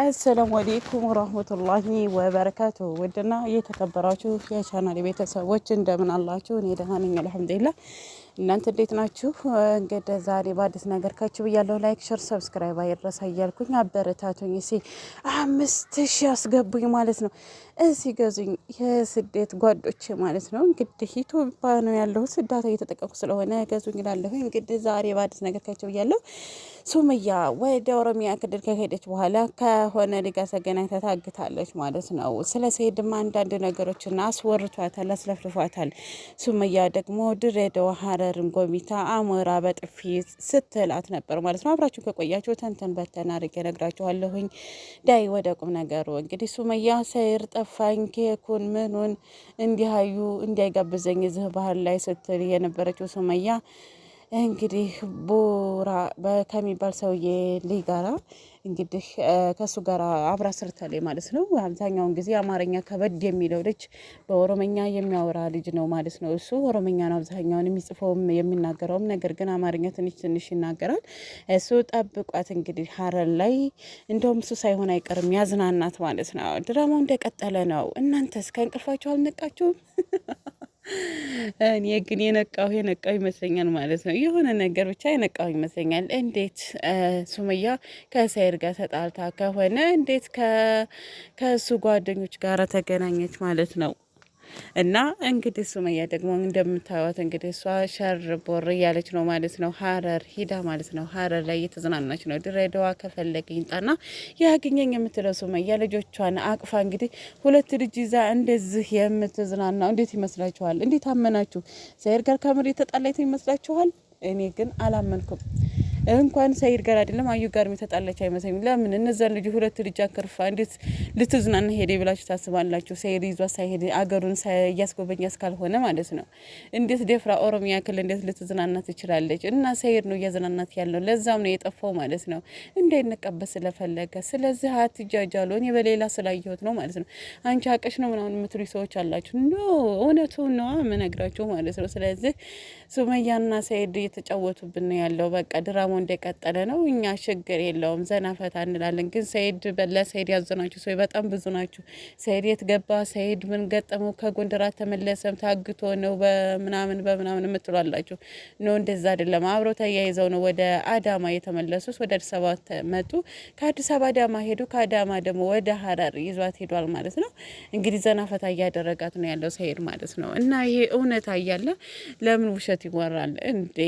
አሰላሙ አሌይኩም ወረህመቱላሂ ወበረካቱ። ውድና የተከበራችሁ የቻናል ቤተሰቦች እንደምን አላችሁ? እኔ ደህና ነኝ አልሐምዱሊላህ። እናንተ እንዴት ናችሁ? እንግዲህ ዛሬ በአዲስ ነገር ካችሁ ብያለሁ። ላይክ ሸር፣ ሰብስክራይብ አይረሳ እያልኩኝ አበረታቱኝ። እሺ አምስት ሺ አስገቡኝ ማለት ነው። እዚ ገዙኝ የስደት ጓዶች ማለት ነው። እንግዲህ ኢትዮጵያ ነው ያለሁት፣ ስዳታ እየተጠቀቁ ስለሆነ ገዙኝ እላለሁ። እንግዲህ ዛሬ በአዲስ ነገር ካችሁ ብያለሁ። ሱምያ ወደ ኦሮሚያ ክልል ከሄደች በኋላ ከሆነ ልጋ ሰገና ተታግታለች ማለት ነው። ስለ ሰኢድም አንዳንድ ነገሮችና አስወርቷታል፣ አስለፍልፏታል። ሱምያ ደግሞ ድሬዳዋ ሀረርን ጎሚታ አሞራ በጥፊ ስትላት ነበር ማለት ነው። አብራችሁ ከቆያችሁ ተንተን በተን አድርጌ ነግራችኋለሁኝ። ዳይ ወደ ቁም ነገሩ እንግዲህ ሱመያ ሰይር ጠፋኝ፣ ኬኩን ምኑን እንዲያዩ እንዲያይጋብዘኝ ዝህ ባህል ላይ ስትል የነበረችው ሱመያ እንግዲህ ቡራ ከሚባል ሰውዬ ልጅ ጋራ እንግዲህ ከእሱ ጋር አብራ ሰርታለች ማለት ነው። አብዛኛውን ጊዜ አማርኛ ከበድ የሚለው ልጅ በኦሮመኛ የሚያወራ ልጅ ነው ማለት ነው። እሱ ኦሮመኛ ነው አብዛኛውን የሚጽፈውም የሚናገረውም፣ ነገር ግን አማርኛ ትንሽ ትንሽ ይናገራል። እሱ ጠብቋት እንግዲህ ሀረር ላይ እንደውም እሱ ሳይሆን አይቀርም ያዝናናት ማለት ነው። ድራማው እንደቀጠለ ነው። እናንተስ ከእንቅልፋችሁ አልነቃችሁም? እኔ ግን የነቃሁ የነቃሁ ይመስለኛል ማለት ነው። የሆነ ነገር ብቻ የነቃሁ ይመስለኛል። እንዴት ሱመያ ከሰይድ ጋር ተጣልታ ከሆነ እንዴት ከእሱ ጓደኞች ጋር ተገናኘች ማለት ነው? እና እንግዲህ ሱመያ ደግሞ እንደምታዩት እንግዲህ እሷ ሸር ቦር እያለች ነው ማለት ነው። ሀረር ሂዳ ማለት ነው። ሀረር ላይ እየተዝናናች ነው። ድሬዳዋ ከፈለገ ይንጣና ያገኘኝ የምትለው ሱመያ ልጆቿን አቅፋ እንግዲህ ሁለት ልጅ ይዛ እንደዚህ የምትዝናናው እንዴት ይመስላችኋል? እንዴት አመናችሁ? ሰይድ ጋር ከምር የተጣላይት ይመስላችኋል? እኔ ግን አላመንኩም። እንኳን ሰይድ ጋር አይደለም አዩ ጋር የተጣላች አይመስለኝም። ለምን እነዛን ልጅ ሁለት ልጅ አከርፋ እንዴት ልትዝናና ሄደ ብላችሁ ታስባላችሁ? ሰይድ ይዟ ሳይሄድ አገሩን እያስጎበኛ እስካልሆነ ማለት ነው። እንዴት ደፍራ ኦሮሚያ ክልል እንዴት ልትዝናና ትችላለች? እና ሰይድ ነው እያዝናናት ያለው። ለዛም ነው የጠፋው ማለት ነው እንዳይነቀበት ስለፈለገ። ስለዚህ አትጃጃሉ። እኔ በሌላ ስላየሁት ነው ማለት ነው። አንቺ አቀሽ ነው ምናምን የምትሉ ሰዎች አላችሁ። ኖ እውነቱን ነው የምነግራችሁ ማለት ነው። ስለዚህ ሱመያና ሰይድ እየተጫወቱብን ነው ያለው በቃ ድራማ እንደቀጠለ ነው። እኛ ችግር የለውም ዘና ፈታ እንላለን። ግን ሰይድ ለሰይድ ያዘናችሁ ሰው በጣም ብዙ ናችሁ። ሰይድ የት ገባ? ሰይድ ምን ገጠመው? ከጎንደር አልተመለሰም ታግቶ ነው በምናምን በምናምን የምትሏላችሁ ነው። እንደዛ አይደለም። አብረው ተያይዘው ነው ወደ አዳማ የተመለሱት። ወደ አዲስ አበባ መጡ። ከአዲስ አበባ አዳማ ሄዱ። ከአዳማ ደግሞ ወደ ሀረር ይዟት ሄዷል ማለት ነው። እንግዲህ ዘና ፈታ እያደረጋት ነው ያለው ሰይድ ማለት ነው። እና ይሄ እውነታ እያለ ለምን ውሸት ይወራል እንዴ?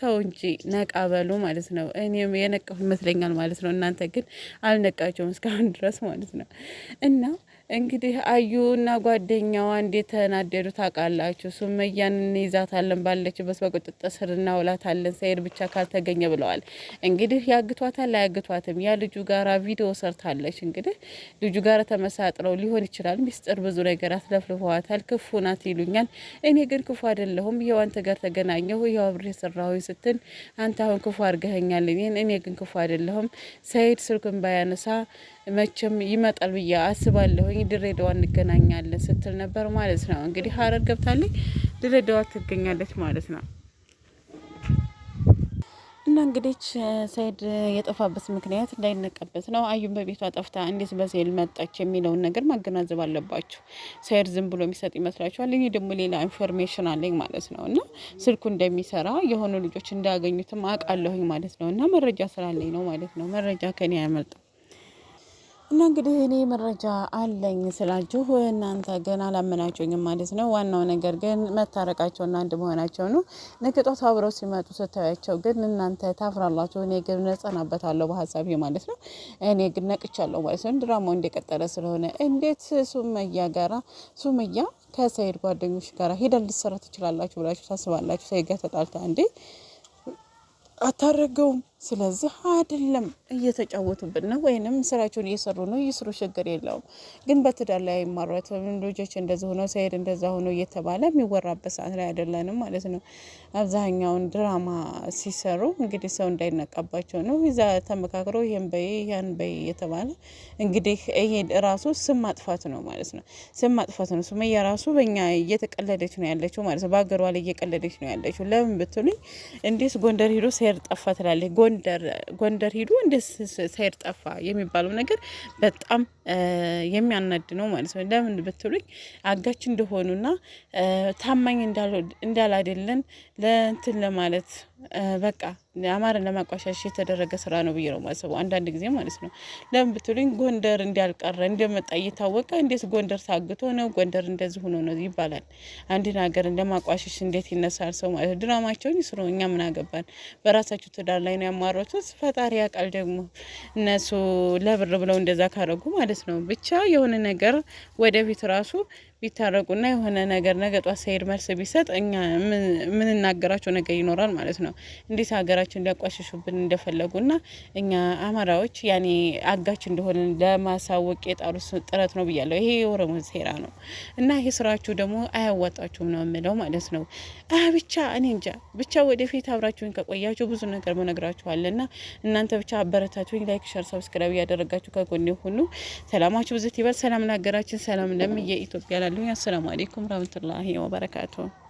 ተው እንጂ ነቃ በሉ ማለት ማለት ነው። እኔም የነቀሁ ይመስለኛል ማለት ነው። እናንተ ግን አልነቃቸውም እስካሁን ድረስ ማለት ነው እና እንግዲህ አዩ እና ጓደኛዋ እንዴት ተናደዱ ታውቃላችሁ። ሱመያን እንይዛታለን ባለችበት በቁጥጥር ስር እናውላታለን ሰይድ ብቻ ካልተገኘ ብለዋል። እንግዲህ ያግቷታል አያግቷትም። ያ ልጁ ጋራ ቪዲዮ ሰርታለች። እንግዲህ ልጁ ጋር ተመሳጥረው ሊሆን ይችላል። ሚስጥር ብዙ ነገር አትለፍልፈዋታል። ክፉ ናት ይሉኛል። እኔ ግን ክፉ አይደለሁም። ይኸው አንተ ጋር ተገናኘሁ፣ ይኸው አብሬ ሰራሁ ስትል አንተ አሁን ክፉ አድርገኸኛል እኔ ግን ክፉ አይደለሁም። ሰይድ ስልኩን ባያነሳ መቼም ይመጣል ብዬ አስባለሁኝ። ድሬዳዋ እንገናኛለን ስትል ነበር ማለት ነው። እንግዲህ ሀረር ገብታለች፣ ድሬዳዋ ትገኛለች ማለት ነው። እና እንግዲህ ሰይድ የጠፋበት ምክንያት እንዳይነቀበት ነው። አዩን በቤቷ ጠፍታ እንዴት በሴል መጣች የሚለውን ነገር ማገናዘብ አለባችሁ። ሰይድ ዝም ብሎ የሚሰጥ ይመስላችኋል? እኔ ደግሞ ሌላ ኢንፎርሜሽን አለኝ ማለት ነው። እና ስልኩ እንደሚሰራ የሆኑ ልጆች እንዳያገኙትም አውቃለሁኝ ማለት ነው። እና መረጃ ስላለኝ ነው ማለት ነው። መረጃ ከኔ አይመልጥም። እና እንግዲህ እኔ መረጃ አለኝ ስላችሁ እናንተ ግን አላመናችሁኝም ማለት ነው። ዋናው ነገር ግን መታረቃቸውና አንድ መሆናቸው ነው። ነገ ጧት አብረው ሲመጡ ስታያቸው ግን እናንተ ታፍራላችሁ። እኔ ግን እጸናበታለሁ በሀሳቤ ማለት ነው። እኔ ግን ነቅቻለሁ ማለት ነው። ድራማው እንደቀጠለ ስለሆነ እንዴት ሱመያ ጋራ ሱመያ ከሰይድ ጓደኞች ጋራ ሄደን ልትሰራ ትችላላችሁ ብላችሁ ታስባላችሁ? ሰይድ ጋር ተጣልታ እንዴ አታረገውም። ስለዚህ አይደለም እየተጫወቱብን ነው፣ ወይንም ስራቸውን እየሰሩ ነው። ይስሩ፣ ችግር የለውም። ግን በትዳር ላይ ወይም ልጆች እንደዚ ሆነው ሰሄድ እንደዛ ሆኖ እየተባለ የሚወራበት ሰዓት ላይ አይደለንም ማለት ነው። አብዛኛውን ድራማ ሲሰሩ እንግዲህ ሰው እንዳይነቃባቸው ነው። ይዛ ተመካክሮ ይህን በይ ያን በይ እየተባለ እንግዲህ ይሄ ራሱ ስም ማጥፋት ነው ማለት ነው። ስም ማጥፋት ነው። ሱመያ ራሱ በእኛ እየተቀለደች ነው ያለችው ማለት ነው። በሀገሯ ላይ እየቀለደች ነው ያለችው። ለምን ብትሉኝ እንዲስ ጎንደር ሂዶ ሰኢድ ጠፋ ትላለች። ጎንደር ሂዶ እንዴት ሳይር ጠፋ የሚባለው ነገር በጣም የሚያናድ ነው ማለት ነው። ለምን ብትሉኝ አጋች እንደሆኑና ታማኝ እንዳላደለን ለእንትን ለማለት በቃ አማርን ለማቋሻሽ የተደረገ ስራ ነው ብዬ ነው ማስበው። አንዳንድ ጊዜ ማለት ነው። ለምን ብትሉኝ ጎንደር እንዳልቀረ እንደመጣ እየታወቀ እንዴት ጎንደር ታግቶ ነው ጎንደር እንደዚህ ሆኖ ነው ይባላል። አንድን ሀገርን ለማቋሸሽ እንዴት ይነሳል ሰው ማለት ድራማቸውን ይስሩ፣ እኛ ምን አገባን? በራሳቸው ትዳር ላይ ነው ያማረቱት። ፈጣሪ ያውቃል። ደግሞ እነሱ ለብር ብለው እንደዛ ካረጉ ማለት ነው። ብቻ የሆነ ነገር ወደፊት ራሱ ቢታረቁና የሆነ ነገር ነገ ጧት ሰይድ መልስ ቢሰጥ እኛ የምንናገራቸው ነገር ይኖራል ማለት ነው። እንዴት ሀገራችን ሊያቋሽሹብን እንደፈለጉና እኛ አማራዎች ያኔ አጋች እንደሆነ ለማሳወቅ የጣሩት ጥረት ነው ብያለሁ። ይሄ የኦሮሞ ሴራ ነው እና ይሄ ስራችሁ ደግሞ አያዋጣችሁም ነው የምለው ማለት ነው። ብቻ እኔ እንጃ ብቻ ወደፊት አብራችሁን ከቆያችሁ ብዙ ነገር መነግራችኋል እና እናንተ ብቻ አበረታችሁኝ። ላይክ፣ ሸር፣ ሰብስክራይብ እያደረጋችሁ ከጎኔ ሁኑ። ሰላማችሁ ብዝት ይበል። ሰላም ለሀገራችን፣ ሰላም ለም የኢትዮጵያ خلوي السلام عليكم ورحمة الله وبركاته